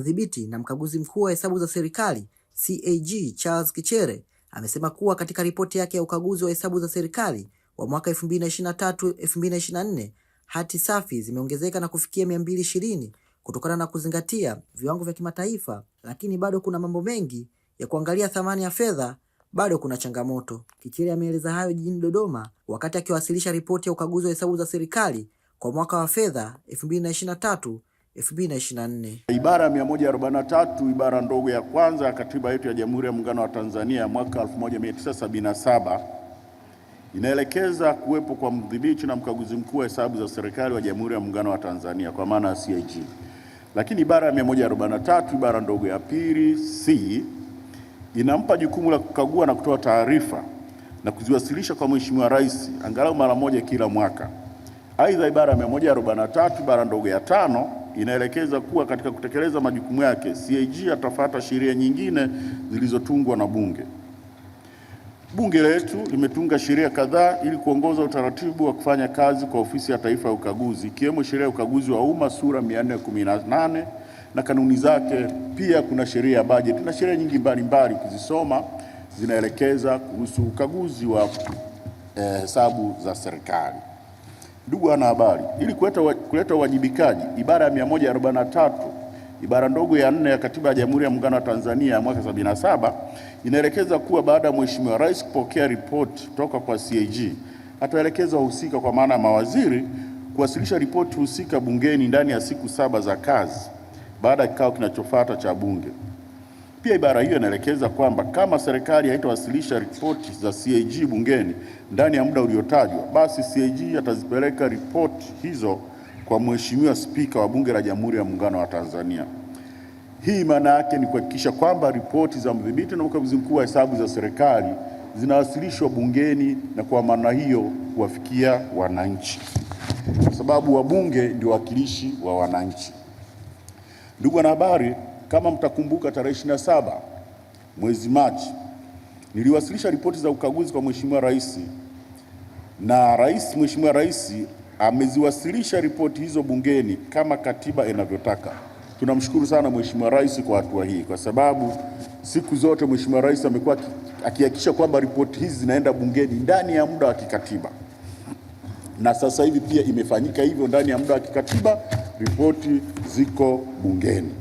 Mdhibiti na mkaguzi mkuu wa hesabu za serikali CAG Charles Kichere amesema kuwa katika ripoti yake ya ukaguzi wa hesabu za serikali wa mwaka 2023/2024 hati safi zimeongezeka na kufikia 220 kutokana na kuzingatia viwango vya kimataifa, lakini bado kuna mambo mengi ya kuangalia. Thamani ya fedha bado kuna changamoto. Kichere ameeleza hayo jijini Dodoma wakati akiwasilisha ripoti ya ukaguzi wa hesabu za serikali kwa mwaka wa fedha 2023 2024. Ibara ya 143 ibara ndogo ya kwanza ya katiba yetu ya Jamhuri ya Muungano wa Tanzania mwaka 1977 inaelekeza kuwepo kwa mdhibiti na mkaguzi mkuu wa hesabu za serikali wa Jamhuri ya Muungano wa Tanzania kwa maana ya CAG. Lakini ibara ya 143 ibara ndogo ya pili C inampa jukumu la kukagua na kutoa taarifa na kuziwasilisha kwa Mheshimiwa Rais angalau mara moja kila mwaka. Aidha, ibara ya 143 ibara ndogo ya tano inaelekeza kuwa katika kutekeleza majukumu yake CAG atafuata sheria nyingine zilizotungwa na Bunge. Bunge letu limetunga sheria kadhaa ili kuongoza utaratibu wa kufanya kazi kwa Ofisi ya Taifa ya Ukaguzi, ikiwemo sheria ya ukaguzi wa umma sura 418 na kanuni zake. Pia kuna sheria ya bajeti na sheria nyingi mbalimbali, ukizisoma zinaelekeza kuhusu ukaguzi wa eh, hesabu eh, za serikali. Ndugu wanahabari, ili kuleta uwajibikaji, ibara ya 143 ibara ndogo ya nne ya Katiba ya Jamhuri ya Muungano wa Tanzania ya mwaka 77 inaelekeza kuwa baada ya Mheshimiwa Rais kupokea ripoti toka kwa CAG ataelekeza wahusika, kwa maana ya mawaziri, kuwasilisha ripoti husika bungeni ndani ya siku saba za kazi baada ya kikao kinachofuata cha Bunge. Pia ibara hiyo inaelekeza kwamba kama serikali haitawasilisha ripoti za CAG bungeni ndani ya muda uliotajwa, basi CAG atazipeleka ripoti hizo kwa Mheshimiwa Spika wa Bunge la Jamhuri ya Muungano wa Tanzania. Hii maana yake ni kuhakikisha kwamba ripoti za mdhibiti na mkaguzi mkuu wa hesabu za serikali zinawasilishwa bungeni na kwa maana hiyo kuwafikia wananchi, kwa sababu wabunge ndio wawakilishi wa wananchi. Ndugu wanahabari, kama mtakumbuka, tarehe 27 mwezi Machi niliwasilisha ripoti za ukaguzi kwa Mheshimiwa Rais na rais, Mheshimiwa Rais ameziwasilisha ripoti hizo bungeni kama katiba inavyotaka. Tunamshukuru sana Mheshimiwa Rais kwa hatua hii, kwa sababu siku zote Mheshimiwa Rais amekuwa akihakikisha kwamba ripoti hizi zinaenda bungeni ndani ya muda wa kikatiba, na sasa hivi pia imefanyika hivyo. Ndani ya muda wa kikatiba ripoti ziko bungeni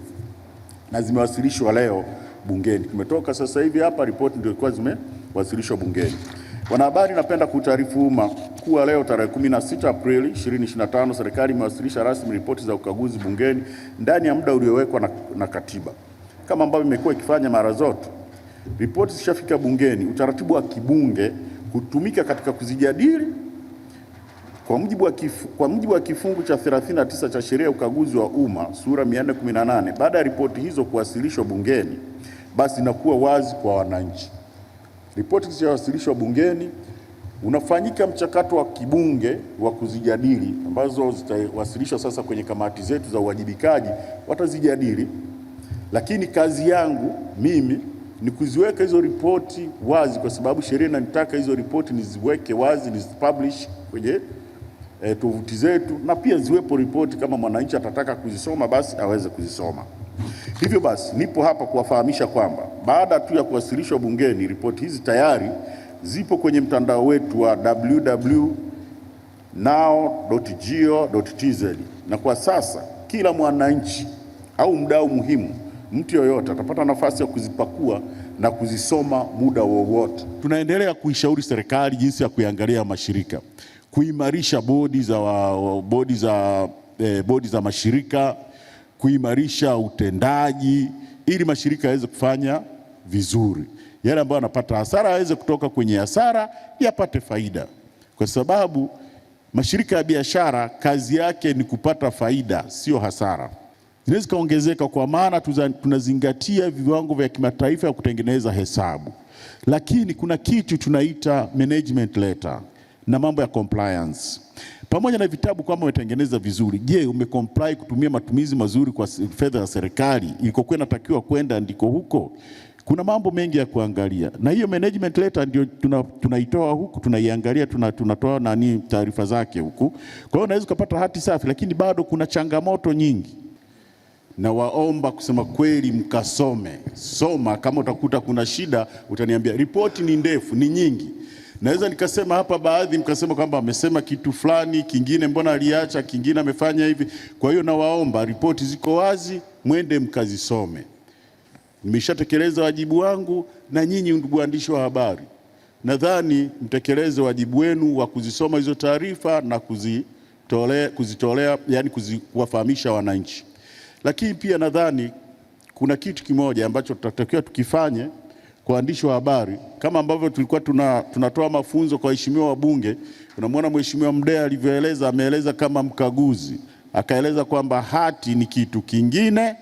na zimewasilishwa leo bungeni. Tumetoka sasa hivi hapa, ripoti ndio ilikuwa zimewasilishwa bungeni. Wanahabari, napenda kuutaarifu umma kuwa leo tarehe 16 Aprili 2025 serikali imewasilisha rasmi ripoti za ukaguzi bungeni ndani ya muda uliowekwa na, na katiba kama ambavyo imekuwa ikifanya mara zote. Ripoti zishafika bungeni, utaratibu wa kibunge hutumika katika kuzijadili kwa mujibu wa kifu, kwa mujibu wa kifungu cha 39 cha sheria ya ukaguzi wa umma sura 418, baada ya ripoti hizo kuwasilishwa bungeni, basi inakuwa wazi kwa wananchi. Ripoti zilizowasilishwa bungeni, unafanyika mchakato wa kibunge wa kuzijadili, ambazo zitawasilishwa sasa kwenye kamati zetu za uwajibikaji, watazijadili. Lakini kazi yangu mimi ni kuziweka hizo ripoti wazi, kwa sababu sheria inanitaka hizo ripoti niziweke wazi, nizipublish kwenye e, tovuti zetu na pia ziwepo ripoti kama mwananchi atataka kuzisoma basi aweze kuzisoma. Hivyo basi nipo hapa kuwafahamisha kwamba baada tu ya kuwasilishwa bungeni, ripoti hizi tayari zipo kwenye mtandao wetu wa www.nao.go.tz na kwa sasa kila mwananchi au mdau muhimu, mtu yoyote atapata nafasi ya kuzipakua na kuzisoma muda wowote. Tunaendelea kuishauri serikali jinsi ya kuiangalia mashirika kuimarisha bodi za, wa, bodi za, eh, bodi za mashirika kuimarisha utendaji ili mashirika yaweze kufanya vizuri, yale ambayo anapata hasara aweze kutoka kwenye hasara yapate faida, kwa sababu mashirika ya biashara kazi yake ni kupata faida, sio hasara. Zinaweza kaongezeka kwa maana tunazingatia viwango vya kimataifa ya kutengeneza hesabu, lakini kuna kitu tunaita management letter na mambo ya compliance pamoja na vitabu kwamba umetengeneza vizuri. Je, umecomply kutumia matumizi mazuri kwa fedha za serikali ilikokuwa inatakiwa kwenda ndiko huko? Kuna mambo mengi ya kuangalia, na hiyo management letter ndio tunaitoa tuna huku tunaiangalia tunatoa tuna nani taarifa zake huku. Kwa hiyo unaweza ukapata hati safi, lakini bado kuna changamoto nyingi na waomba kusema kweli, mkasome soma. Kama utakuta kuna shida utaniambia. Ripoti ni ndefu, ni nyingi. Naweza nikasema hapa, baadhi mkasema kwamba amesema kitu fulani kingine, mbona aliacha kingine, amefanya hivi. Kwa hiyo nawaomba, ripoti ziko wazi, mwende mkazisome. Nimeshatekeleza wajibu wangu, na nyinyi ndugu waandishi wa habari, nadhani mtekeleze wajibu wenu wa kuzisoma hizo taarifa na kuzitolea, kuzitolea yani kuwafahamisha wananchi. Lakini pia nadhani kuna kitu kimoja ambacho tutatakiwa tukifanye kwa waandishi wa habari, kama ambavyo tulikuwa tuna, tunatoa mafunzo kwa waheshimiwa wabunge. Unamwona mheshimiwa Mdee alivyoeleza, ameeleza kama mkaguzi, akaeleza kwamba hati ni kitu kingine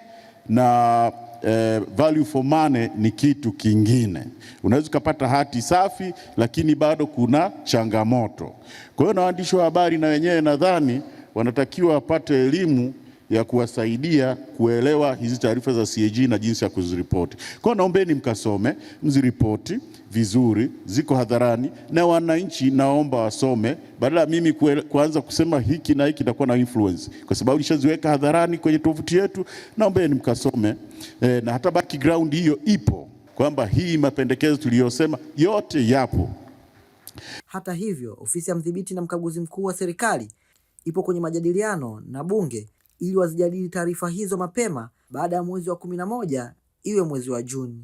na eh, value for money ni kitu kingine. Unaweza ukapata hati safi, lakini bado kuna changamoto. Kwa hiyo na waandishi wa habari na wenyewe nadhani wanatakiwa wapate elimu ya kuwasaidia kuelewa hizi taarifa za CAG na jinsi ya kuziripoti. Kwa naombeni mkasome, mziripoti vizuri, ziko hadharani na wananchi naomba wasome, badala mimi kuanza kusema hiki na hiki itakuwa na influence, kwa sababu nishaziweka hadharani kwenye tovuti yetu. Naombeni mkasome e, na hata background hiyo ipo kwamba hii mapendekezo tuliyosema yote yapo. Hata hivyo, ofisi ya mdhibiti na mkaguzi mkuu wa serikali ipo kwenye majadiliano na bunge ili wazijadili taarifa hizo mapema baada ya mwezi wa kumi na moja iwe mwezi wa Juni.